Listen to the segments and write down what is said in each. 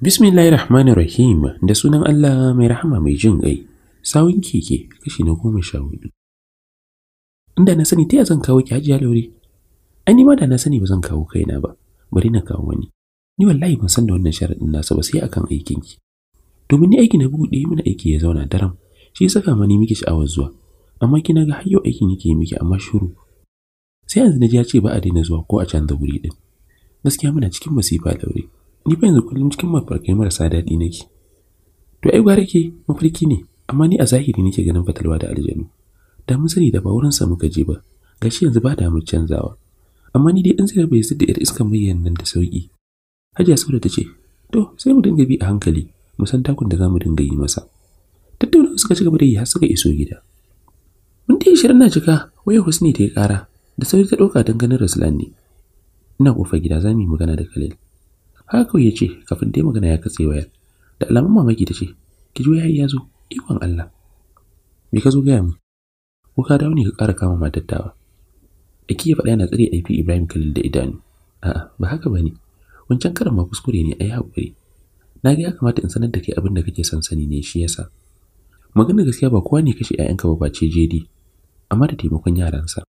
Bismillahir Rahmanir Rahim da sunan Allah mai rahama mai jin ƙai. Sawun keke kashi na goma sha hudu. Inda na sani ta zan kawo ki hajiya laure. An yi ma da na sani ba zan kawo kaina ba. Bari na kawo wani. Ni wallahi ban san da wannan sharaɗin nasa ba sai akan aikin ki. Domin ni aiki na buɗe mana aiki ya zauna daram. Shi saka ma ni miki sha'awar zuwa. amma kina ga hayyo aikin yake miki amma shiru sai yanzu naji ya ce ba a daina zuwa ko a canza wuri din gaskiya muna cikin masifa da wuri ni fa yanzu kullum cikin mafarkai marasa daɗi nake to ai gwara ke mafarki ne amma ni a zahiri nake ganin fatalwa da aljanu da mun sani da ba wurin sa muka je ba gashi yanzu ba da mun canzawa amma ni dai in zai bai da yar iska mayyan nan da sauki hajiya saboda ta ce to sai mu dinga bi a hankali mu san takun da za mu dinga yi masa tattaunawa suka ci gaba da yi har suka iso gida minti ishirin na cika waya husni ta yi ƙara da sauri ta ɗauka don ganin ruslan ne ina ƙofar gida za mu magana da khalil haka kawai ya ce kafin dai magana ya katse wayar da alamun mamaki ta ce ki juya ya zo ikon allah me ka zo gaya mu ko ka dawo ne ka ƙara kama matattawa Aki ya faɗa yana tsare aifi Ibrahim Khalil da idanu. A'a, ba haka ba ne. Wancan karan ma kuskure ne a yi haƙuri. Na ga ya kamata in sanar da kai abin da kake son sani ne shi yasa. Maganar gaskiya ba kowa ne kashe 'ya'yanka ba ce jedi amma da taimakon yaransa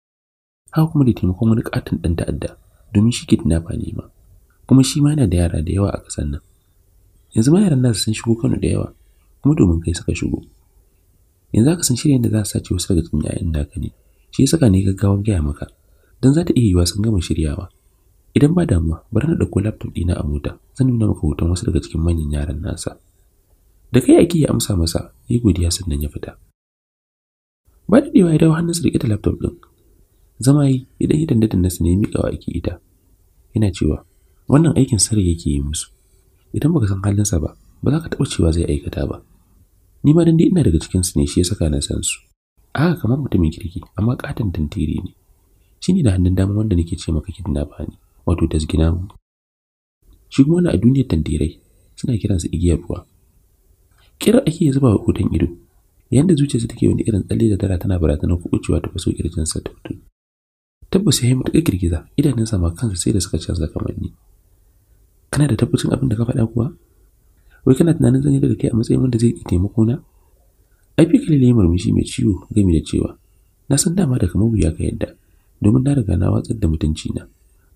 haka kuma da taimakon wani katin ɗan ta'adda domin shi kidnapper ne ma kuma shi ma yana da yara da yawa a kasan nan yanzu ma yaran nasu sun shigo Kano da yawa kuma domin kai suka shigo yanzu aka san shirya da za su sace wasu daga cikin yayan naka ne shi ya saka ne gaggawar gaya maka don za ta iya yiwuwa sun gama shiryawa idan ba damuwa bari na ɗauko laptop ɗina a mota zan nuna maka hoton wasu daga cikin manyan yaran nasa da kai ake ya amsa masa ya godiya sannan ya fita ba da ya dawo hannun su da laptop ɗin zama yi idan idan da nasu ne miƙawa ake ita yana cewa wannan aikin sirri yake yi musu idan baka san halinsa ba ba za ka taɓa cewa zai aikata ba ni ma dan ina daga cikinsu ne shi ya saka na san su a kamar mutumin kirki amma katan tantiri ne shine da hannun dama wanda nake ce maka kidnap ne wato tasgina mu shi kuma na a duniyar tantirai suna kiransa igiyar ruwa kira ake zuba wa hoton ido yanda zuciyarsa take wani irin tsalle da tara tana barazanar kuɓucewa ta faso kirjinsa ta fito tabbas ya yi matuka girgiza idanunsa ma kansa sai da suka canza kamanni kana da tabbacin abin da ka faɗa kuwa wai kana tunanin zan yi daga kai a matsayin wanda zai iya taimako na ai fi kalile ya murmushi mai ciwo gami da cewa na san dama da kamar wuya ka yadda domin na riga na watsar da mutunci na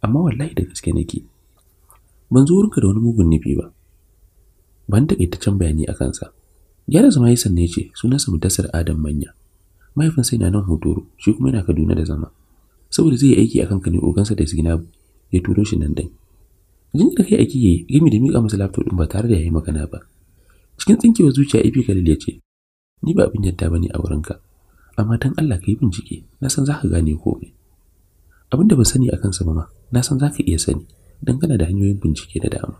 amma wallahi da gaske nake ban zo wurinka da wani mugun nufi ba ban taƙaitaccen bayani a kansa gyara zama ya sanne ce sunansa mutasar adam manya mahaifinsa yana nan hotoro shi kuma yana kaduna da zama saboda zai yi aiki akan kane ogansa da zinabu ya turo shi nan dan jin da kai aiki yayi gami da miƙa masa laptop din ba tare da yayi magana ba cikin tsinkewar zuciya ifi kalil ya ce ni ba abin yadda bane a wurinka amma dan Allah ka yi bincike na san zaka gane komai da ban sani akan sa ma na san za ka iya sani dangane da hanyoyin bincike da dama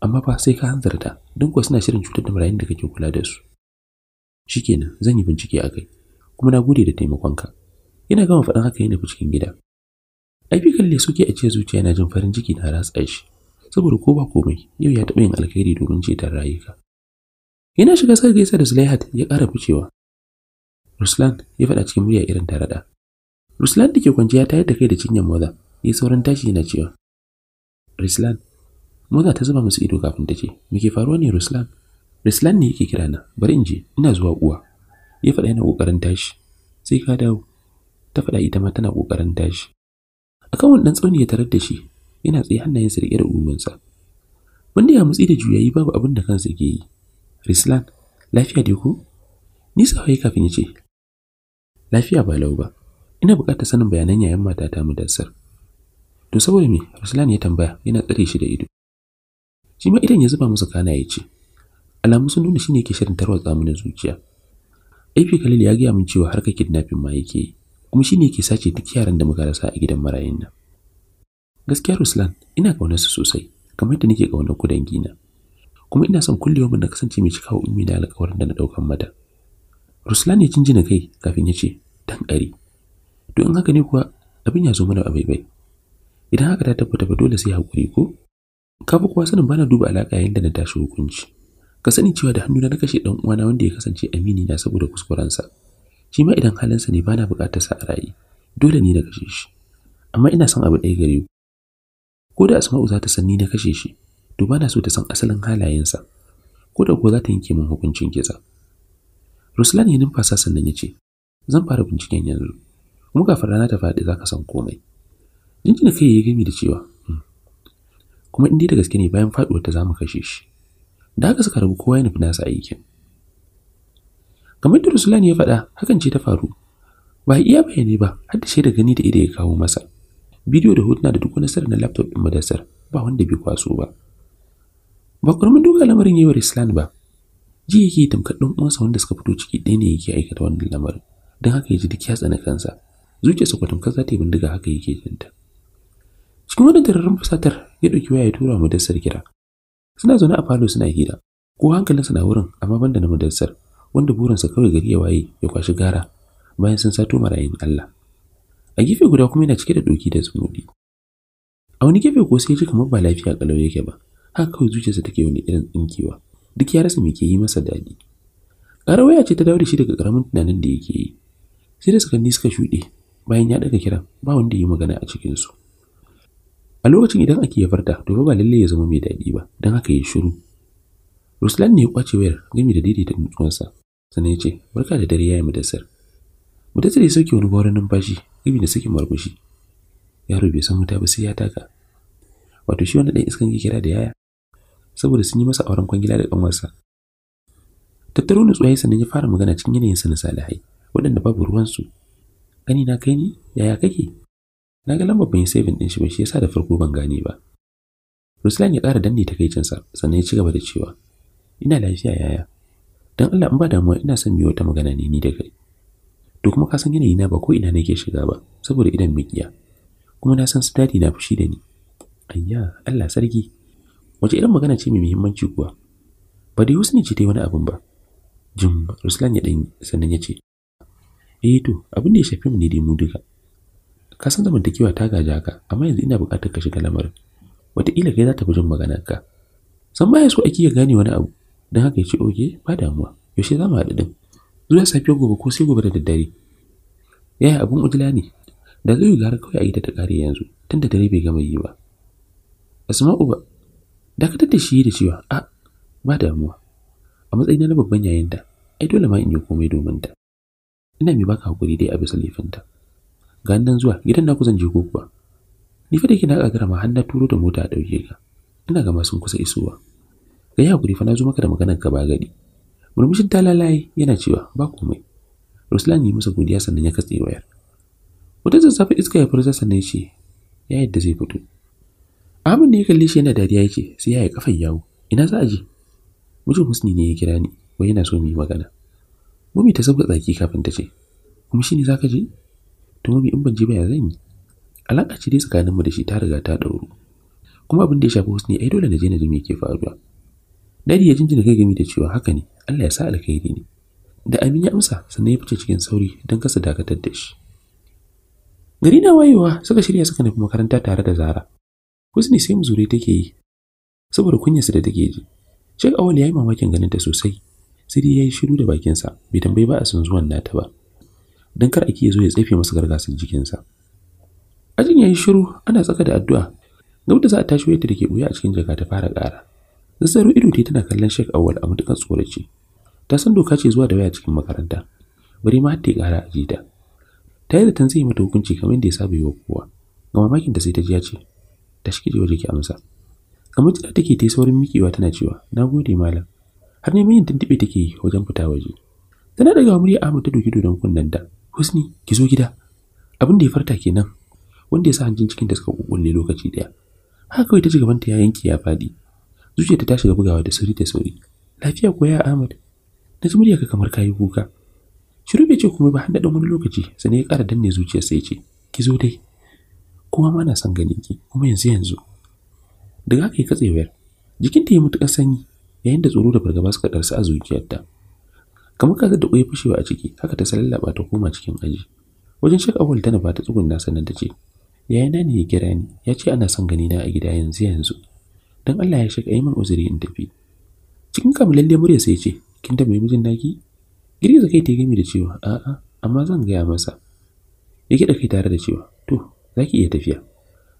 amma fa sai ka hanzarta don kuwa suna shirin cutar da marayun da kake kula da su shikenan zan yi bincike a kai kuma na gode da taimakonka ina gama faɗin haka ya nufi cikin gida aifi kalle suke a ce zuciya na jin farin ciki na ratsa shi saboda ko ba komai yau ya taɓa yin alkhairi domin ceton rayuka yana shiga sai gaisa da Zulaihat ya ƙara ficewa Ruslan ya faɗa cikin murya irin ta raɗa Ruslan da ke kwanciya ta yadda kai da cinyar maza ya sauran tashi yana cewa Ruslan Moza ta zuba musu ido kafin ta ce, "Me ke faruwa ne Ruslan?" Ruslan ne yake kira na, bari in je, ina zuwa uwa. Ya faɗa yana ƙoƙarin tashi. Sai ka dawo. Ta faɗa ita ma tana kokarin tashi. Akan wani ɗan tsauni ya tarar da shi, yana tsaye hannayensa rike da uwansa Wanda ya mutsi da juyayi babu abin da kansa ke yi. Ruslan, lafiya dai ko? Ni sahai kafin ya ce, lafiya ba lau ba. Ina buƙatar sanin bayanan yayan matata mu dassar. To saboda me? Ruslan ya tambaya yana tsare shi da ido. shi ma idan ya zuba masa kana ya ce alamu sun nuna shine ke shirin tarwa mana zuciya aifi khalil ya gaya min cewa harkar kidnapping ma yake yi kuma shi ne ke sace duk yaran da muka rasa a gidan marayun nan gaskiya ruslan ina kaunar su sosai kamar yadda nake kaunar ku dangina kuma ina son kulle yawan na kasance mai cikawa ummi da alƙawarin da na ɗaukar mata ruslan ya jinjina kai kafin ya ce dan ƙari to in haka ne kuwa abin ya zo mana a bai idan haka ta tabbata ba dole sai hakuri ko Ka fi kowa sanin ba na duba alaƙa yayin da na tashi hukunci. Ka sani cewa da hannuna na kashe ɗan uwana wanda ya kasance amini na saboda kuskurensa. Shi ma idan halinsa ne bana na buƙatar sa a rayi dole ne na kashe shi. Amma ina son abu ɗaya gare ku. Ko da Asma'u za ta san na kashe shi, to ba na so ta san asalin halayensa. Ko da kuwa za ta yanke min hukuncin kisa. Ruslan ya numfasa sannan ya ce, Zan fara binciken yanzu, kuma kafin rana ta faɗi za ka san komai. Jinjina kai ya gami da cewa, kuma in da gaske ne bayan faduwar ta zamu kashe shi da haka suka rabu kowa ya nufi nasa aikin kamar da rusulan ya faɗa hakan ce ta faru ba iya bayani ba har da shaida gani da ido ya kawo masa bidiyo da hotuna da duk wani sirri na laptop din madasar ba wanda bai kwaso ba ba kurmin duka lamarin yayi wa Ruslan ba ji yake tamkar ɗan uwansa wanda suka fito ciki ɗaya ne yake aikata wannan lamarin don haka ya ji duk ya tsani kansa zuciyarsa kwatamkar za ta yi bindiga haka yake jinta. cikin wani gararin fusatar ya ɗauki waya ya tura wa madarsar kira suna zaune a falo suna hira ko hankalinsa na wurin amma banda na madarsar wanda burinsa kawai gari ya waye ya kwashi gara bayan sun sato marayin Allah a gefe guda kuma yana cike da doki da zumudi a wani gefe ko sai ya ji kamar ba lafiya kalau yake ba haka kawai zuciyarsa take wani irin tsinkewa duk ya rasa me ke yi masa daɗi waya ce ta dawo da shi daga ƙaramin tunanin da yake yi sai da sakanni suka shuɗe bayan ya daga kiran ba wanda ya yi magana a cikinsu a lokacin idan ake ya farta to ba lalle ya zama mai daɗi ba don haka ya shiru ruslan ne ya kwace wayar gami da daidaita nutsuwansa sannan ya ce barka da dare yayi mudassar mudassar ya sauke wani gwarin numfashi gami da sakin markushi yaro bai san wuta ba sai ya taka wato shi wanda ɗan iskan ke kira da yaya saboda sun yi masa auren kwangila da ƙanwarsa tattaro nutsuwa ya sannan ya fara magana cikin yanayinsa na salihai waɗanda babu ruwansu ƙani na kai ne yaya kake Na ga lambar bin yi saving shi ba shi yasa da farko ban gane ba. Ruslan ya ƙara danne sa sannan ya ci gaba da cewa ina lafiya yaya don Allah in ba damuwa ina son miyo wata magana ne ni da kai. To kuma ka san yanayi na ba ko ina nake shiga ba saboda idan mikiya kuma na san study na fushi da ni. Ayya Allah sarki wace irin magana ce mai muhimmanci kuwa ba da Husni ce ta wani abin ba. Jim Ruslan ya ɗan sannan ya ce eh to abin da ya shafi mu ne dai mu duka ka san zamantakewa ta gaji ka amma yanzu ina buƙatar ka shiga lamarin wataƙila kai za ta fi jin ka san baya so ake ya gane wani abu don haka ya ce oke ba damuwa yaushe za mu haɗu ɗin zuwa safiya gobe ko sai gobe da daddare yaya abun udila ne da zai yi gara kawai a ita ta kare yanzu tun da dare bai gama yi ba asma'u ba dakatar da shi da cewa a ba damuwa a matsayin na babban yayinta ai dole ma in yi komai domin ta ina mai baka hakuri dai a bisa laifinta ga nan zuwa gidan naku zan je ko kuwa ni fa da kina kagara ma har na turo da mota dauke ka ina ga sun kusa isowa ga ya hakuri fa na zo maka da maganar ka ba gadi murmushin talalaye yana cewa ba komai Ruslan yi masa godiya sannan ya katse wayar wata zazzafa iska ya furza sannan ya ce ya yadda zai fito Ahmad ne ya kalle shi yana dariya yake sai ya yi kafan yawo ina za a je mijin Husni ne ya kira ni wai yana so mu yi magana Mummy ta sabga tsaki kafin ta ce kuma shi ne za ka je to in ban je ba ya zan yi alaƙa ce dai tsakaninmu da shi ta riga ta ɗauro kuma abin da ya shafi wasu ne ai dole na je na ji me ke faruwa dadi ya jinjina kai gami da cewa haka ne Allah ya sa alkhairi ne da amin ya amsa sannan ya fice cikin sauri don kasa dakatar da shi gari na wayewa suka shirya suka nufi makaranta tare da zara husni sai muzure take yi saboda kunyarsa da take ji shek Awali ya yi mamakin ganin ta sosai sai dai ya yi shiru da bakinsa bai tambayi ba a sun zuwan nata ba don kar ake zo ya tsefe masa gargasan jikinsa. Ajin ya yi shiru ana tsaka da addu'a, gab da za a tashi wayarta da ke ɓuya a cikin jaka ta fara ƙara. Zazzaro ido ta tana kallon Sheikh Awwal a matuƙar tsoraci. Ta san doka ce zuwa da waya cikin makaranta, bari ma har ta ƙara a jita. Ta yi da zai mata hukunci kamar da ya saba yi wa kowa. Ga mamakin da sai ta jiya ya ce, ta shi waje jiki amsa. Kamar jira take ta yi saurin miƙewa tana cewa, na gode malam. Har neman yin tuntuɓe take yi wajen fita waje. Tana daga murya Ahmad ta doki dodon kunnen ta. Husni, ki zo gida. Abin da ya farta kenan, wanda ya sa hanjin cikin da suka kukulle lokaci daya. Haka kawai ta ji gabanta ya yanke ya faɗi. Zuciyarta ta shiga bugawa da sauri da sauri. Lafiya ko ya Ahmad? Na ji muryarka kamar kayi kuka. Shiru bai ce kuma ba har da wani lokaci, sannan ya ƙara danne zuciyar ya ce, ki zo dai. Kowa ma na son ganin ki, kuma yanzu yanzu. Daga haka ya katse wayar, jikinta ya mutuƙar sanyi, yayin da tsoro da fargaba suka ɗarsa a zuciyarta. kamar kaga da ƙwai fushewa a ciki haka ta sallaba ta koma cikin aji wajen shek awal ta ba ta tsugunna sannan ta ce na ne ya kira ni ya ce ana son gani na a gida yanzu yanzu dan Allah ya shek yi min uzuri in tafi cikin lalle murya sai ce kin yi mijin naki girgiza kai ta gami da cewa a'a amma zan gaya masa ya kiɗa kai tare da cewa to za ki iya tafiya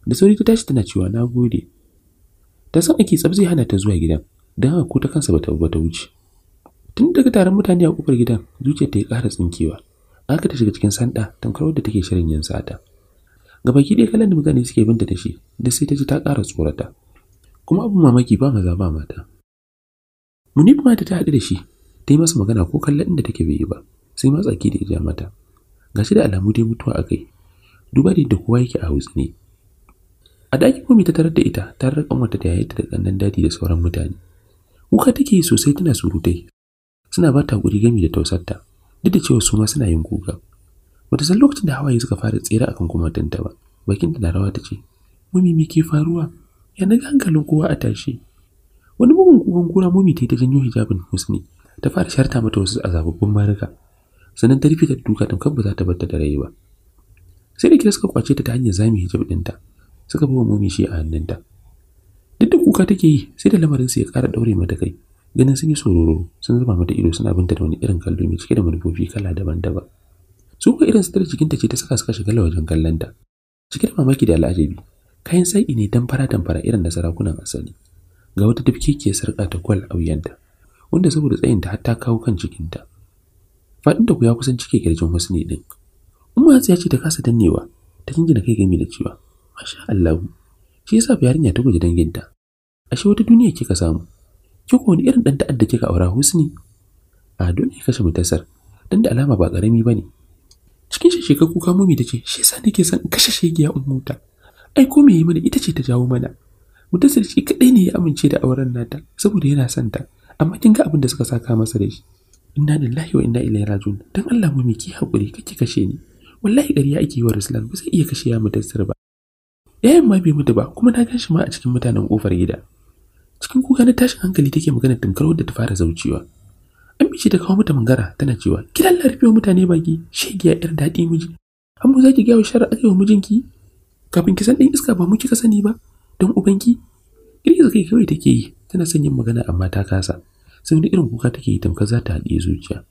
da sauri ta tashi tana cewa na gode ta san ake tsabzai hana ta zuwa gidan don haka ko ta kansa bata ta wuce tun daga taron mutane a kofar gidan zuciyar ta yi ƙara tsinkewa aka ta shiga cikin sanda tamkar wadda take shirin yin sata Gaba ki ɗaya kalan da mutane suke binta da shi da sai ta ji ta ƙara tsorata kuma abin mamaki ba maza ba mata munif mata ta haɗu da shi ta yi masa magana ko kallon inda take bai yi ba sai ma tsaki da ya ja mata gashi da alamu dai mutuwa a kai duba da yadda kowa yake a hausa ne a ɗakin kuma ta tarar da ita tarar ƙanwarta da ta da ƙannan dadi da sauran mutane kuka take yi sosai tana surutai suna ba ta gami da tausarta duk da cewa su ma suna yin kuka bata san lokacin da hawaye suka fara tsere akan tanta ba bakinta da rawa ta ce mumi me ke faruwa ya ga hankalin kowa a tashi wani bugun kukan kura mumi ta yi ta janyo hijabin husni ta fara sharta mata wasu zababbun marika sannan ta rufe ta duka tamkar ba za ta bar ta da rai ba sai da kira suka kwace ta ta hanyar zami hijab ɗinta suka bawa mumi shi a hannunta duk da kuka take yi sai da lamarin su ya ƙara ɗaure mata kai Ganin sun yi sororo sun zuba mata ido suna binta da wani irin kallo mai cike da manufofi kala daban-daban. Su kuma irin sitar jikinta ce ta saka suka shiga wajen kallonta. Cike da mamaki da al'ajabi, kayan sa'i ne damfara-damfara irin da sarakunan asali. Ga wata ke sarƙa ta kwal a wuyanta, wanda saboda tsayinta har ta kawo kan cikinta. da ku ya kusan cike kirjin wasu ne ɗin. Umma ya ce ta kasa dannewa, ta jinjina kai gami da cewa, Masha Allah, shi yasa yarinya ta guji danginta. Ashe wata duniya kika samu, ki ko wani irin dan ta'adda kika aura husni a don ya kashe mutasar dan da alama ba karami bane cikin shi shekar kuka mumi tace shi yasa nake san in kashe shegiya in huta ai ko me yi mana ita ce ta jawo mana mutasar shi kadai ne ya amince da auren nata saboda yana son ta amma kin ga abin da suka saka masa da shi inna lillahi wa inna ilaihi rajiun dan Allah mu ki hakuri kake kashe ni wallahi ya ake yi wa Ruslan ba zai iya kashe ya mutasar ba yayin ma bai mutu ba kuma na gan shi ma a cikin mutanen kofar gida cikin kuka na tashin hankali take magana tamkar wadda ta fara zaucewa an bice ta kawo mata mangara tana cewa ki lalla rufe mutane baki shegiya yar daɗi miji amma za ki gaya wa shara wa mijinki kafin ki san ɗan iska ba mu kika sani ba don ubanki girgiza kai kawai take yi tana son yin magana amma ta kasa sai wani irin kuka take yi tamkar za ta haɗiye zuciya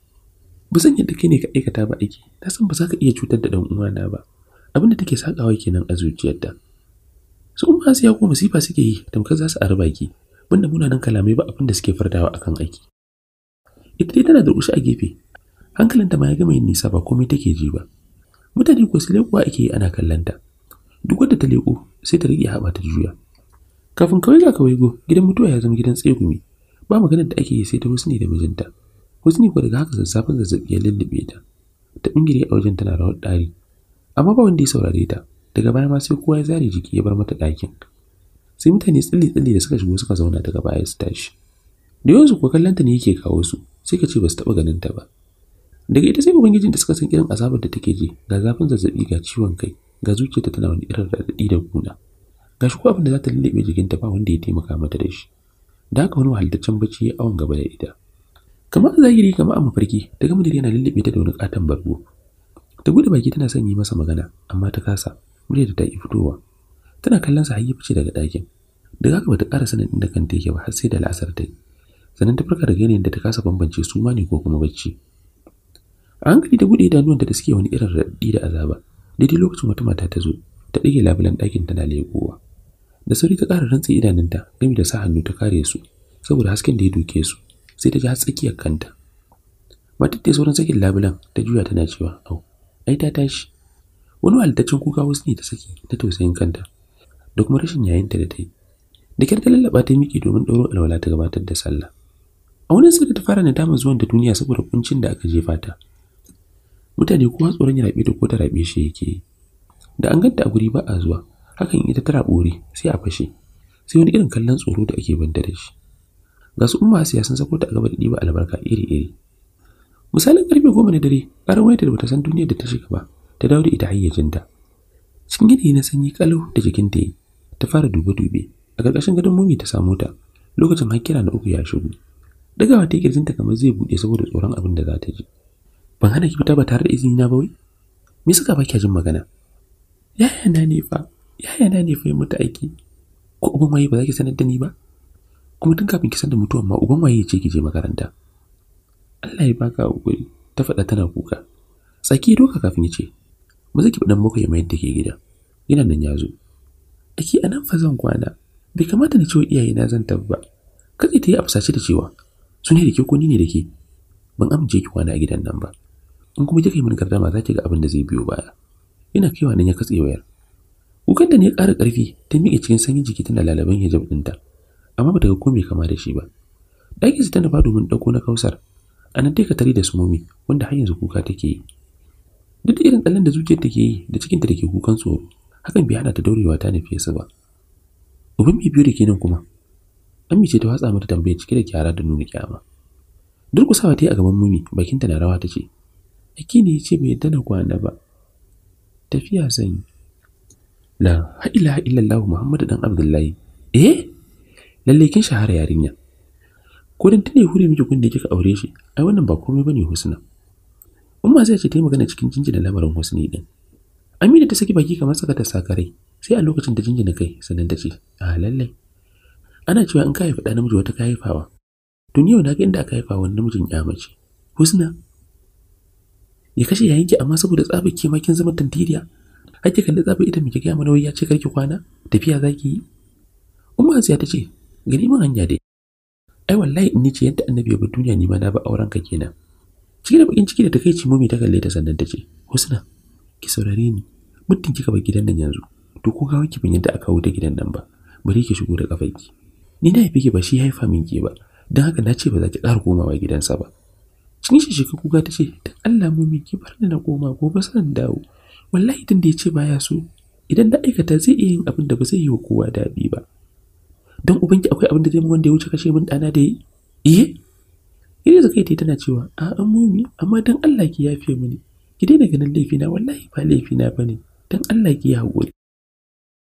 ba san yadda kai ne ka aikata ba aiki na san ba za ka iya cutar da ɗan uwana ba abin da take sakawa kenan a zuciyarta su umma sai ya ko masifa suke yi tamkar za su arba ki banda munanan kalamai ba abin da suke fardawa akan aiki ita dai tana durƙushe a gefe hankalinta ma ya gama yin nisa ba komai take ji ba mutane ko su leƙuwa ake yi ana kallonta duk wanda ta leƙo sai ta riƙe haɓa ta juya kafin kawai ga kawai go gidan mutuwa ya zama gidan tsegumi ba maganar da ake yi sai ta husni da mijinta husni ko daga haka zazzafin zazzaɓi ya lullube ta ta ɓingire a wajen tana rawar ɗari amma ba wanda ya saurare ta daga baya ma sai kowa ya zare jiki ya bar mata ɗakin sai mutane tsalle-tsalle da suka shigo suka zauna daga baya su tashi da yawansu ko kallonta ne yake kawo su sai ka ce ba su taɓa ganin ta ba daga ita sai ubangijin da suka san irin azabar da take ji ga zafin zazzabi ga ciwon kai ga zuciyarta tana wani irin raɗaɗi da kuna ga shi ko abin da za ta lullube jikinta ba wanda ya taimaka mata da shi da haka wani wahaltaccen bacci ya awon gaba da ita kamar zahiri kamar a mafarki ta gama yana lullube ta da wani katon bargo ta buɗe baki tana son yi masa magana amma ta kasa muryar ta ki fitowa tana kallon sa hayyafi fice daga ɗakin duk haka bata ƙara sanin inda kanta yake ba har sai da la'asar ta yi sannan ta farka da yanayin da ta kasa bambance su ma ne ko kuma bacci a hankali ta buɗe danuwan da suke wani irin raɗi da azaba daidai lokacin wata mata ta zo ta ɗage labulen ɗakin tana leƙowa da sauri ta ƙara rantsa idanunta gami da sa hannu ta kare su saboda hasken da ya duke su sai ta ji har tsakiyar kanta matar ta sauran sakin labulan ta juya tana cewa au ai ta tashi wani halittacin kuka wasu ne ta saki ta tausayin kanta da kuma rashin yayinta da ta yi da kyar ta lallaba ta miki domin ɗauro alwala ta gabatar da sallah a wani sai ta fara nadama zuwan da duniya saboda kuncin da aka jefa ta mutane kowa tsoron ya rabe ta ko ta rabe shi yake yi da an ganta a guri ba a zuwa hakan ita tara bore sai a fashe sai wani irin kallon tsoro da ake banta da shi ga su umma siya sun sako ta a gaba da ɗiba albarka iri-iri misalin karfe goma na dare ƙarar wani da ta san duniyar da ta shiga ba ta dawo da ita hayyacinta cikin yanayi na sanyi kalau da jikinta yi ta fara dube-dube a ƙarƙashin gadon mumi ta samu ta lokacin har kira na uku ya shigo dagawa ta ta kamar zai buɗe saboda tsoron abin da za ta ji ban hana ki fita ba tare da izini na ba wai me suka ba ki jin magana yaya na ne fa yaya na ne fa aiki ko uban waye ba za ki sanar da ni ba kuma tun kafin ki san da mutuwan ma uban waye ce ki je makaranta Allah ya baka hakuri ta faɗa tana kuka tsaki doka kafin ya ce mu zaki faɗan muku ya mayar da ke gida yana nan ya zo Dake anan nan fa zan kwana. Bai kamata na ce wa iyayena zan tafi ba. Katse ta yi a da cewa, su ne da ke ko ne da ke. Ban amince ki kwana a gidan nan ba. In kuma kika yi min gardama za ki ga abin da zai biyo baya. Ina kaiwa nan ya katse wayar. Kukan da ne ƙara ƙarfi ta miƙe cikin sanyin jiki tana lalaban hijab ɗinta. Amma ba ta ga komai kama da shi ba. Ɗakin su ta nufa domin dauko na kausar. A nan ka tare da sumumi, wanda har yanzu kuka take yi. Duk da irin tsallen da zuciyar take yi da cikinta da ke kukan tsoro. hakan bai hada ta daurewa ta nufi su ba uban mai biyu da kenan kuma Ami ce ta watsa mata tambayar cike da kyara da nuna kyama durkusawa ta yi a gaban mumi bakinta na rawa ta ce aki ne ya ce bai yadda kwana ba tafiya zan yi la ha'ila illallah muhammadu dan abdullahi eh lallai kin shahara yarinya ko dan tune hure miki kun da kika aure shi ai wannan ba komai bane husna umma zai ce ta yi magana cikin jinjina lamarin husni din Amina ta saki baki kamar saka ta sakarai, sai a lokacin da jinjina kai sannan ta ce, "A ah, lallai." Ana cewa in ka haifi ɗa namiji wata ka haifawa. Tun yau na ga inda aka haifa wani namijin ya mace. Husna. Ya kashe yayinki amma saboda tsabar ke makin kin zama tantiriya. Har ki kalli tsabar idan miki ga mana ya ce karki kwana, tafiya zaki yi. Umma Asiya ta ce, "Gani mun hanya dai." Ai wallahi in ce yadda annabi ya bi duniya ni ma na ba auren ka kenan. Ciki da bakin ciki da takeici mumi ta kalle ta sannan ta ce, "Husna, ki saurare ni muddin kika bar gidan nan yanzu to ko ga wanki ban yadda aka da gidan nan ba bari ki shigo da ki ni na yafi ki ba shi haifa min ki ba dan haka na ce ba za ki ƙara komawa gidansa ba cikin shi shiga kuka ta ce dan Allah mu ki bar ni na koma gobe san dawo wallahi tun da ya ce baya so idan da aikata zai iya yin abin da ba zai yi wa kowa daɗi ba don ubanki akwai abin da zai wanda ya wuce kashe min ɗana da eh. yi iye ire zakai tana cewa a an mumi amma dan Allah ki yafe mini ki daina ganin laifina wallahi ba laifina ba ne don Allah ki yi haƙuri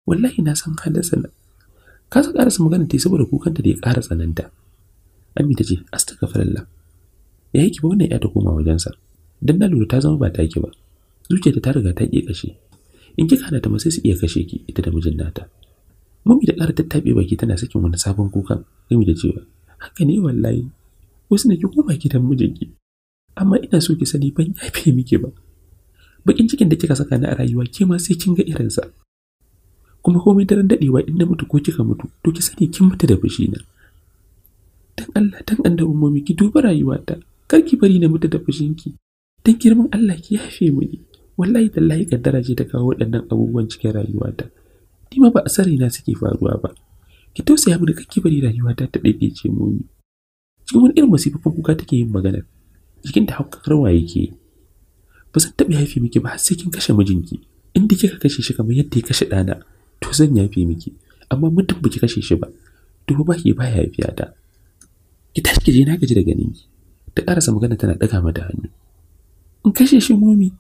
wallahi na san halinsa na ka sa ƙarasa magana ta yi saboda kukanta da ya ƙara tsananta ami ta ce astaghfirullah ya yi ki ba wannan ya ta koma wajensa don na lura ta zama ba taki ba zuciyarta ta riga ta ƙi kashe in ki hana ta ma su iya kashe ki ita da mijin nata mami da ƙara tattaɓe baki tana sakin wani sabon kukan gami da cewa haka ne wallahi wasu na ki koma gidan mijinki amma ina so ki sani ban yafe miki ba bakin cikin da kika saka ni a rayuwa ke ma sai kin ga irin sa. kuma komai daren dadewa in na mutu ko kika mutu to ki sani kin mutu da fushi na dan Allah dan annabin mu ki duba rayuwata kar ki bari na mutu da fushin ki dan girman Allah ki yafe mini wallahi tallahi kaddara ce ta kawo waɗannan abubuwan cikin rayuwata ni ma ba asari na suke faruwa ba ki tausaya mini kake bari rayuwata ta ce mu cikin wani irin masifafin kuka take yin magana jikinta haukakarwa ke. ba zan taɓa yafe miki ba har sai kin kashe mijinki in da kika kashe shi kamar yadda ya kashe ɗana to zan yafe miki amma mutum ba kashe shi ba to ba ki ba yafiya ta ki tashi ki je na gaji da ganin ki ta karasa magana tana daga mata hannu in kashe shi momi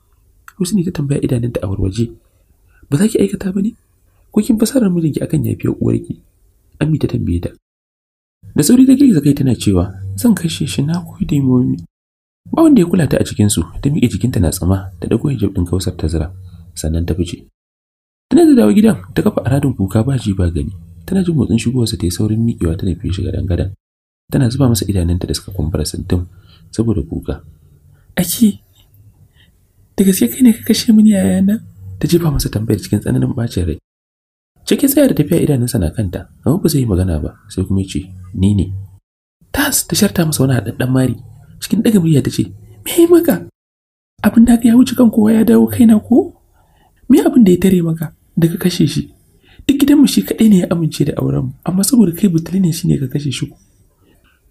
Husni ta tambaya idanunta a warwaje ba za ki aikata ba ne ko kin fasarar mijinki akan yafiyar uwarki Ami ta tambaye ta da sauri da girgiza kai tana cewa zan kashe shi na koyi da momi ba wanda ya kula ta a su ta miƙe jikinta na tsama ta dago hijab din kausar ta sannan ta fice tana da dawo gidan ta kafa aradin kuka ba ji ba gani tana jin motsin shigowarsa ta yi saurin miƙewa tana fiye shi dan gadan tana zuba masa idanunta da suka kumbura sintim saboda kuka aki da gaske kai ne ka kashe mini yayana ta jefa masa tambayar cikin tsananin bacin rai cikin tsaya da tafiya idanunsa na kanta amma ba zai yi magana ba sai kuma ya ce ni ne tas ta sharta masa wani haɗaɗɗen mari cikin daga murya ta ce me maka abin da ya wuce kan kowa ya dawo kaina ko me abin da ya tare maka daga kashe shi duk gidanmu shi kaɗai ne ya amince da aurenmu amma saboda kai butuli ne shine ka kashe shi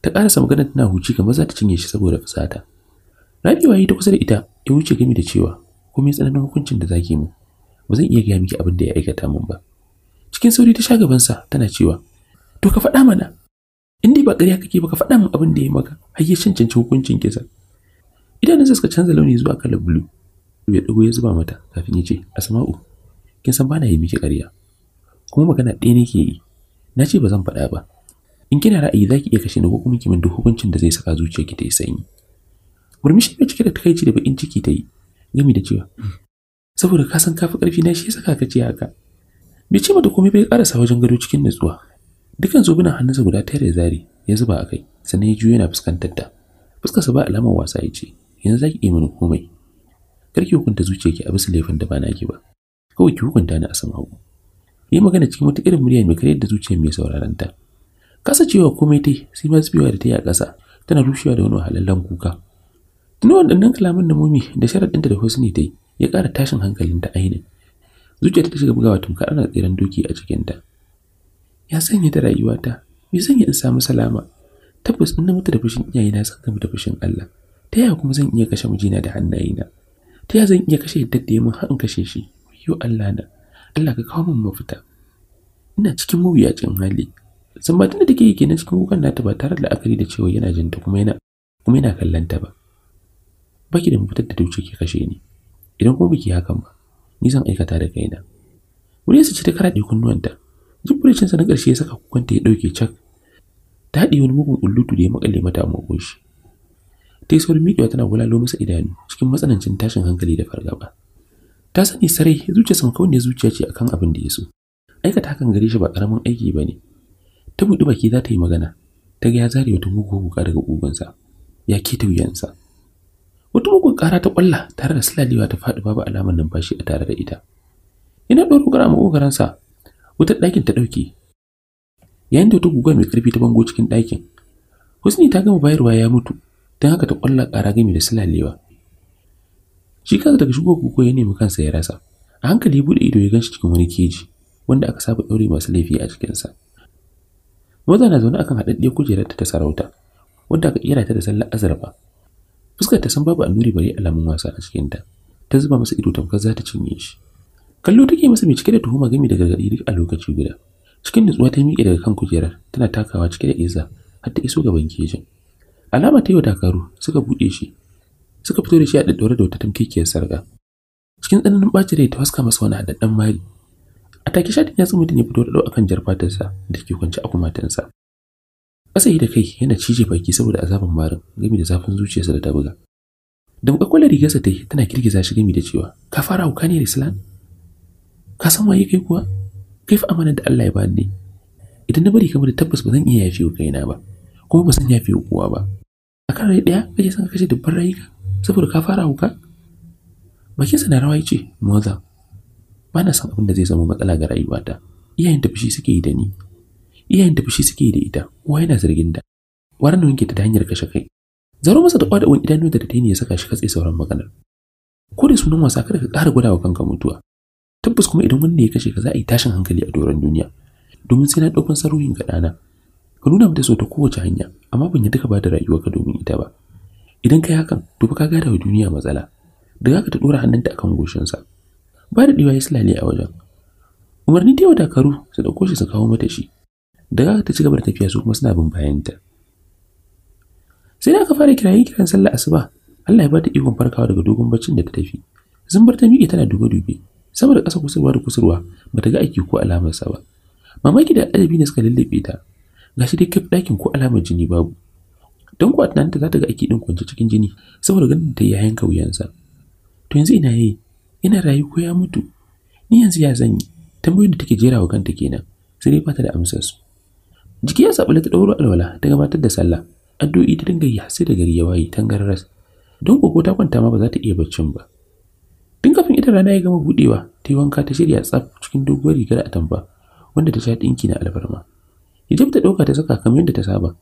ta ƙarasa magana tana huci ga za ta cinye shi saboda fusata Rabi yi ta kusa da ita ya wuce gami da cewa me tsananin hukuncin da zaki mu ba zan iya gaya miki abin da ya aikata min ba cikin sauri ta sha gabansa tana cewa to ka faɗa mana in dai ba ƙarya kake ba ka faɗa min abin da ya maka har ya cancanci hukuncin kisa idanunsa suka canza launi zuwa kalar bulu. ya dago ya zuba mata kafin ya ce asma'u kin san bana yi miki ƙarya kuma magana ɗaya ne ke yi na ce ba zan faɗa ba in kina ra'ayi za ki iya kashe ni ko kuma ki min duk hukuncin da zai saka zuciyarki ta yi sanyi murmushi mai cike da takaici da bakin ciki ta yi gami da cewa saboda ka san kafi ƙarfi na shi ya saka ka ce haka bai ce mata komai bai karasa wajen gado cikin nutsuwa Dukan zobunan hannunsa guda tare zari ya zuba a kai, sannan ya juyo yana fuskantar ta. Fuskarsa ba alamar wasa ya ce, yanzu zaki ki iya mini komai. Karki hukunta zuciya ki a bisa laifin da ba naki ba. Kawai ki hukunta ni a sama hagu. Yi magana cikin wata irin murya mai karyar da zuciyar mai sauraron ta. Kasa cewa komai ta sai ma zubewa da ta yi a ƙasa tana rushewa da wani wahalallen kuka. Tuna waɗannan kalaman na mumi da sharar ɗinta da husni ta ya ƙara tashin hankalin ta ainihin. Zuciya ta shiga bugawa tamkar kana tseren doki a cikinta. ya sanya da rayuwata me sanya in samu salama tabbas in na mutu da fushin iyayena san gamu da fushin Allah ta yaya kuma zan iya kashe mijina da hannayena ta yaya zan iya kashe yadda da mun har in kashe shi yo Allah na Allah ka kawo min mafita ina cikin mawuyacin hali sambatin da take kenan cikin kukan nata ba tare da la'akari da cewa yana jinta kuma yana kuma yana kallon ta ba baki da mutar da dauce ke kashe ni idan kuma biki hakan ba ni zan aikata da kaina su ci ta karaɗe kunnuwanta Jin na ƙarshe ya saka kukanta ya ɗauke cak. Ta haɗe wani mugun ulutu da ya makale mata a shi Ta yi saurin miƙewa tana bulalo masa idanu cikin matsanancin tashin hankali da fargaba. Ta sani sarai zuciya zuciyarsa kawai ne zuciya ce akan abin da ya so. Aikata hakan gare shi ba ƙaramin aiki ba ne. Ta buɗi baki za ta yi magana. Ta ga ya zare wata mugun kuka daga ƙugunsa. Ya keta wuyansa. Wata mugun ƙara ta ƙwalla tare da silalewa ta faɗi babu alamar numfashi a tare da ita. Ina ɗora ƙara ma sa wutar ɗakin ta ɗauke yayin da wata guga mai ƙarfi ta bango cikin ɗakin husni ta gama bayarwa ya mutu don haka ta ƙwalla ƙara gami da sulalewa shi kansa daga shigo guguwa ya nemi kansa ya rasa a hankali buɗe ido ya ganshi cikin wani keji wanda aka saba ɗaure masu laifi a cikinsa maza na zaune akan haɗaɗɗiyar kujerar ta sarauta wanda aka kera ta da sallar azurfa fuskar ta san babu annuri bare alamun wasa a cikinta ta zuba masa ido tamkar za ta cinye shi kallo take masa mai cike da tuhuma gami da gargaɗi duk a lokaci guda cikin nutsuwa ta miƙe daga kan kujerar tana takawa cike da iza har ta iso gaban kejin alama ta yi wa dakaru suka buɗe shi suka fito da shi a daddore da wata tamkekiyar sarga cikin tsananin ɓacin rai ta haska masa wani haɗaɗɗen mari a take shatin yatsun mutum ya fito da akan jar fatarsa da ke kwance a kumatansa ƙasa yi da kai yana cije baki saboda azaban marin gami da zafin zuciyarsa da ta buga don kwakwalar rigarsa ta yi tana girgiza shi gami da cewa ka fara hauka ne rislan ka san waye kai kuwa kai fa amana da Allah ya bani idan na bari kamar tabbas ba zan iya yafe wa kaina ba kuma ba san yafe wa kowa ba kan rai daya kake san kashe dubban rayuka saboda ka fara hauka bakinsa na rawa yace moza ba na san abin da zai zama matsala ga rayuwata iyayen da fushi suke yi da ni iyayen da fushi suke yi da ita kowa yana zargin da waran da wanke ta hanyar kashe kai zaro masa da kwada idanu da ta ya saka shi katse sauran maganar ko da sunan wasa kada ka ƙara gwada wa kanka mutuwa tabbas kuma idan wanda ya kashe ka za a yi tashin hankali a doron duniya domin sai na ɗaukan saruhin ga ɗana ka nuna mata so ta kowace hanya amma ban yadda ka ba da rayuwa ka domin ita ba idan kai hakan to fa ka gada wa duniya matsala da ka ta ɗora hannunta kan goshinsa ba da ɗiwa ya silale a wajen umarni ta yau dakaru su ɗauko shi su kawo mata shi da ka ta ci gaba da tafiya su kuma suna bin bayanta sai da aka fara kiraye kiran sallah asuba Allah ya ba ta ikon farkawa daga dogon baccin da ta tafi zumbar ta miƙe tana dube-dube sama da ƙasa kusurwa da kusurwa ba ta ga aiki ko alamarsa ba mamaki da adabi ne suka lallabe ta Ga shi dai kaf ɗakin ko alamar jini babu don kuwa ta za ta ga aiki ɗin kwance cikin jini saboda ganin ta yi yanka wuyansa to yanzu ina yi ina rayu ko ya mutu ni yanzu ya zanyi. yi tambayoyin da take jera wa kanta kenan sai dai ba da amsar su jiki ya sabu ta ɗauro alwala ta gabatar da sallah addu'o'i ta dinga yi sai da gari ya waye tangararas don koko ta kwanta ma ba za ta iya baccin ba tun kafin ita rana ya gama budewa ta yi wanka ta shirya tsaf cikin doguwar rigar atamfa wanda ta sha ɗinki na alfarma hijab ta ɗauka ta saka kamar yadda ta saba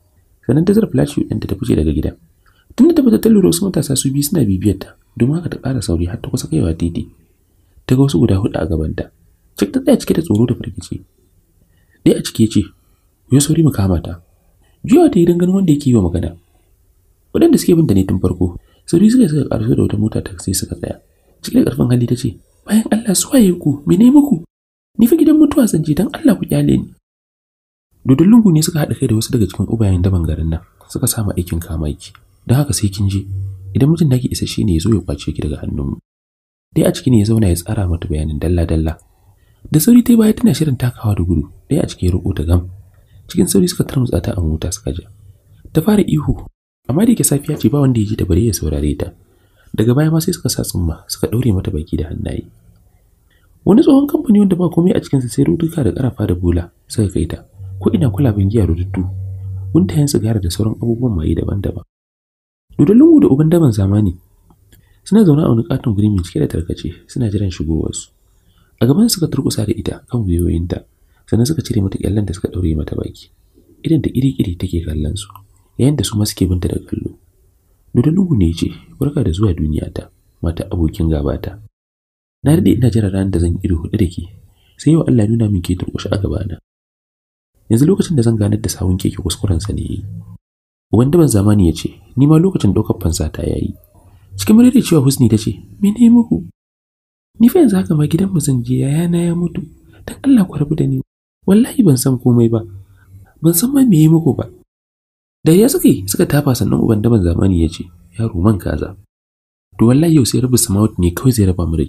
sannan ta zara flash ɗinta ta fice daga gida tun da ta fita ta lura wasu matasa su biyu suna bibiyar ta domin haka ta ƙara sauri har ta kusa kaiwa titi ta ga wasu guda hudu a gabanta cik ta tsaya cike da tsoro da firgici ɗaya a cike ce ya sauri mu kama ta juyawa ta yi dangane wanda yake yi wa magana waɗanda suke bin ta ne tun farko sauri suka suka ƙarfi da wata mota taxi suka tsaya cikin ƙarfin hali ta ce bayan Allah su waye ku mene muku ni fa gidan mutuwa zan je dan Allah ku kyale ni dodon lungu ne suka haɗa kai da wasu daga cikin ubayen daban garin nan suka sama aikin kama ki don haka sai kin je idan mutum da ke isa shi ne ya zo ya kwace ki daga hannunmu dai a ciki ne ya zauna ya tsara mata bayanin dalla-dalla da sauri ta baya tana shirin takawa da gudu ɗaya a cikin roƙo ta gam cikin sauri suka tarmutsa ta a mota suka ja ta fara ihu amma da ke safiya ce ba wanda ya ji da bari ya saurare ta daga baya ma sai suka sa tsumma suka ɗaure mata baki da hannaye wani tsohon kamfani wanda ba komai a cikinsa sai rutuka da ƙarafa da bula suka kai ta ko ina kula bin giya rututtu guntayen sigara da sauran abubuwan maye daban-daban dodon lungu da uban daban zamani suna zaune a wani katon guri mai cike da tarkace suna jiran shigowarsu a gaban suka turkusa da ita kan ta sannan suka cire mata kyallen da suka ɗaure mata baki idan da iri-iri take kallon su yayin da su ma suke binta da kallo Nudunugu ne ce, barka da zuwa duniya ta, mata abokin gabata. Na daɗe ina jira ranar da zan ido huɗu da ke, sai yau Allah nuna min ke turƙushe a gabana. Yanzu lokacin da zan ganar da sawun keke kuskurensa ne yi. Uban daban zamani ya ce, ni ma lokacin ɗaukar fansa ta yayi. Cikin muryar cewa Husni ta ce, me ne muku? Ni fa yanzu haka ma gidanmu zan je yayana ya mutu, dan Allah ku rabu da ni. Wallahi ban san komai ba, ban san ma me yi muku ba. da ya yi suka tafa sannan uban daban zamani ya ce yaro man kaza to wallahi yau sai rubu samawat ne kawai zai raba mu da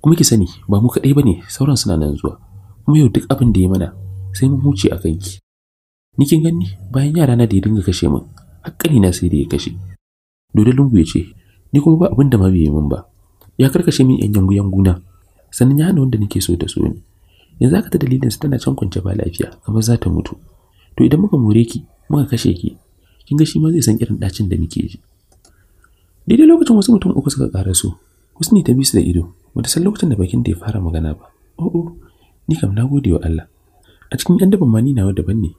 kuma ki sani ba mu kaɗai ba ne sauran suna nan zuwa kuma yau duk abin da ya mana sai mun huce a kanki ni kin gani bayan yara na da ya dinga kashe min hakkani na sai da ya kashe Dole lungu ya ce ni kuma ba abin da ma bai min ba ya karkashe min yan yangu yanguna sannan ya hana wanda nake so da so ni yanzu aka ta dalilin su tana can kwance ba lafiya kamar za ta mutu to idan muka more ki muka kashe ki kin ga shi ma zai san irin dacin da muke ji daidai lokacin wasu mutum uku suka ƙara su husni ta bi su da ido bata san lokacin da bakin da ya fara magana ba o'o oh, oh, ni kam na gode wa Allah a cikin yan daban mani nawa daban ne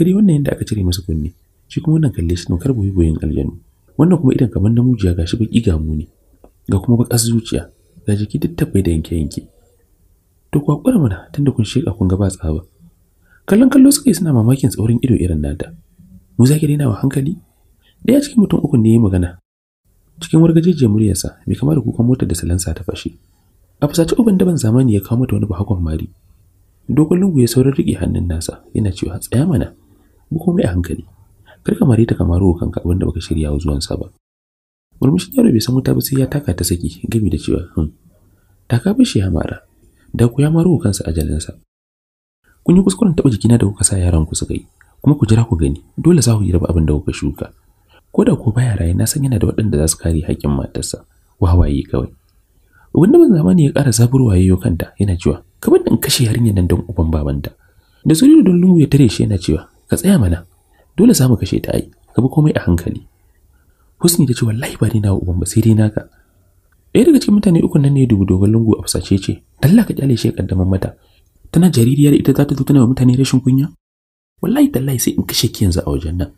gari wannan yanda aka cire masa kunne shi kuma wannan kalle shi nokar boye-boyen aljanu wannan kuma idan kamar namujiya gashi baki gamu ne ga kuma bakas zuciya ga jiki duk tabbai da yanke-yanke to kwakwar mana tunda kun sheka kun ga ba tsaba kallon kallo suka yi suna mamakin tsaurin ido irin nata mu zaki daina wa hankali daya cikin mutum uku ne ya magana cikin wargajejiyar muryarsa mai kama da kukan motar da salansa ta fashe a fusace uban daban zamani ya kawo mata wani bahakon mari dogon lungu ya saurin riƙe hannun nasa yana cewa tsaya mana mu komai a hankali kar ka mare ta kamar ruwa kanka abinda baka shirya wa sa ba murmushin yaro bai san wuta ba sai ya taka ta saki gami da cewa hmm taka shi ya mara da ku ya maro kansa a jalinsa kun yi kuskuren taɓa jikina da kuka sa yaran ku suka yi kuma ku jira ku gani dole za ku raba abin da kuka shuka ko da ko baya raye na san yana da waɗanda za su kare haƙƙin matarsa wawaye kawai ubin da zamani ya ƙara zaburwa yau kanta yana cewa ka bar in kashe yarinyar nan don uban babanta da suri don lungu ya tare shi yana cewa ka tsaya mana dole za mu kashe ta ai ka bi komai a hankali husni ta ce wallahi ba ni na uban ba sai dai naka ɗaya daga cikin mutane ukun nan ne ya dubi dogon lungu a fusace ce Allah ka kyale shi ya kaddamar mata tana jaririyar ita za ta zo tana wa mutane rashin kunya wallahi tallahi sai in kashe ki yanzu a wajen nan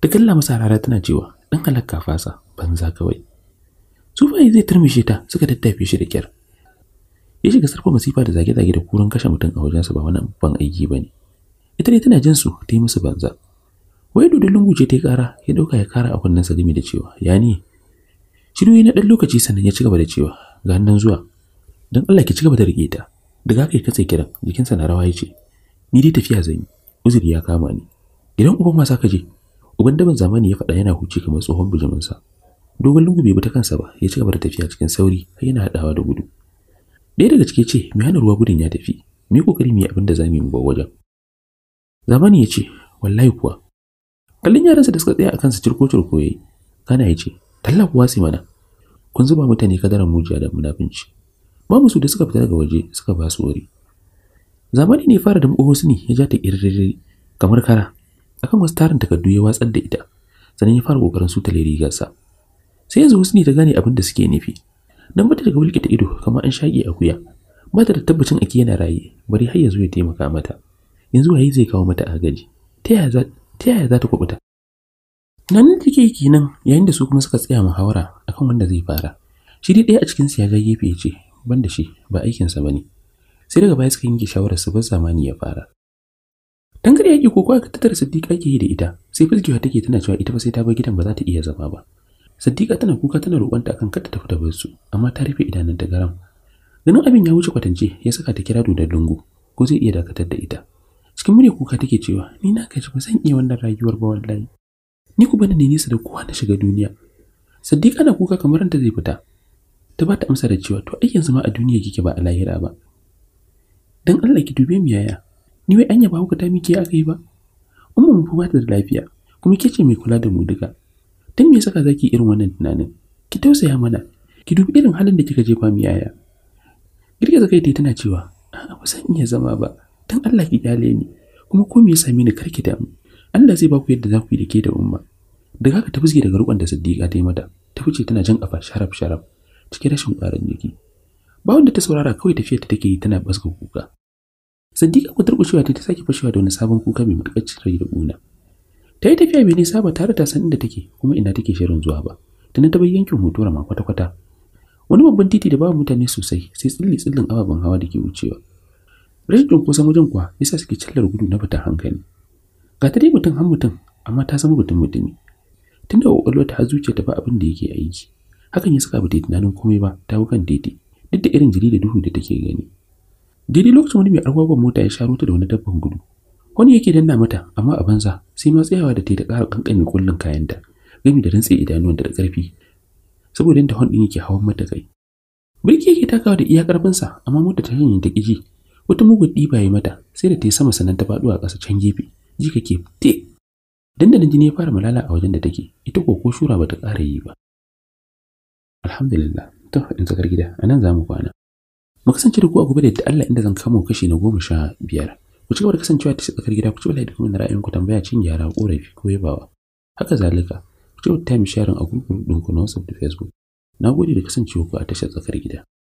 ta kalla masa rara tana cewa dan halakka fasa banza kawai sufaye zai turmishe ta suka tattafe shi da kyar ya shiga sarfa masifa da zage-zage da kuran kashe mutum a wajensa ba wani ban aiki ba ne ita ne tana jin su ta yi musu banza wai dodon lungu ce ta yi kara ya ɗauka ya kara a kunnen sa da cewa ya ne shiru na ɗan lokaci sannan ya ci gaba da cewa ga nan zuwa don Allah ki ci gaba da rike ta daga haka ya katse kiran jikinsa na rawa ya ce ni dai tafiya zan yi uzuri ya kama ni idan uban ma ka je uban daban zamani ya faɗa yana huce kamar tsohon bijiminsa dogon lungu bai bi ta kansa ba ya ci gaba da tafiya cikin sauri har yana hadawa da gudu Daya daga cike ce mai hana ruwa gudun ya tafi Me kokari ƙoƙari abinda yi abin da za mu yi wajen zamani ya ce wallahi kuwa kallon yaransa da suka tsaya a kansa cirko-cirko ya yi kana ya ce talla sai mana kun zuba mutane kadaran mujiya da munafunci babu su da suka fita daga waje suka ba su wuri zamani ne fara da ne ya ja ta ƙirƙirƙiri kamar kara akan wasu tarin takardu ya watsar da ita sannan ya fara ƙoƙarin sutale rigarsa sai yanzu ne ta gane abin da suke nufi dan bata daga ta ido kamar an shaƙe akuya mata da tabbacin ake yana raye bari har yanzu ya taimaka mata yanzu waye zai kawo mata agaji ta yaya za ta kubuta nan take kenan yayin da su kuma suka tsaya muhawara akan wanda zai fara shi dai ɗaya a cikin su ya ga gefe ya ce ban da shi ba aikinsa ba ne sai daga baya suka yanke shawarar su bar zamani ya fara dan gari yaki ko kuwa tattara siddiqa ke yi da ita sai filkiwa take tana cewa ita ba sai ta bar gidan ba za ta iya zama ba siddiqa tana kuka tana roƙonta akan kada ta fita bar su amma ta rufe idanun ta garam ganin abin ya wuce kwatance ya saka ta kira da lungu ko zai iya dakatar da ita cikin murya kuka take cewa ni na gaji ba zan iya wannan rayuwar ba wallahi ni ku bani ne nisa da kowa na shiga duniya siddiqa na kuka kamar ranta zai fita ta ba ta amsa da cewa to ai yanzu ma a duniya kike ba a lahira ba dan Allah ki dube mu yaya ni wai anya ba ku ta miki aka yi ba umma mu ba ta da lafiya kuma ke ce mai kula da mu duka dan me saka zaki irin wannan tunanin ki tausaya mana ki dubi irin halin da kika je jefa mu yaya girgiza kai tana cewa a ba san iya zama ba dan Allah ki kyale ni kuma ko me ya same ni karki da mu Allah zai ba ku yadda za ku yi da ke da umma daga haka ta fusge daga rukun da Siddiqa ta yi mata ta fice tana jan kafa sharaf sharaf cike rashin ƙarin jiki ba wanda ta saurara kawai tafiyar ta take yi tana baska kuka Siddiqa ku turkushewa ta sake fashewa da wani sabon kuka mai matuƙar rai da ƙuna. Ta yi tafiya mai nisa ba tare da san inda take kuma ina take shirin zuwa ba. Tana ta bar yankin hotora ma kwata-kwata. Wani babban titi da babu mutane sosai sai tsilli-tsillin ababen hawa da ke wucewa. Rashin cunkoson wajen kuwa yasa suke cillar gudu na fita hankali. Ga ta dai mutum har mutum amma ta zama mutum mutumi. Tunda ƙwaƙwalwa ta zuciya ta ba abin da yake aiki. hakan ya saka ba ta tunanin komai ba ta kan daidai duk da irin jiri da duhu da take gani daidai lokacin wani mai arwagon mota ya sha ta da wani dabban gudu wani yake danna mata amma a banza sai ma tsayawa da ta da ƙara ƙanƙani kullun kayanta gami da rantsi idanuwan da ƙarfi saboda yadda hon din yake hawan mata kai birki yake takawa da iya ƙarfinsa amma mota ta hanyar da ƙiji wata mugun ɗiba ya mata sai da ta yi sama sannan ta faɗo a ƙasa can gefe ji kake te dandalin jini ya fara malala a wajen da take ita ko ko shura bata ƙara yi ba alhamdulillah to in tsakar gida anan zamu kwana mu kasance da ku a gobe da Allah inda zan kamo kashi na goma sha biyar ku ci gaba da kasancewa ta tsakar gida ku ci wallahi da kuma ra'ayin ku tambaya cin gyara korafi ko yabawa haka zalika ku ci wata da time sharing a na WhatsApp da Facebook na gode da kasancewa ku a tashar tsakar gida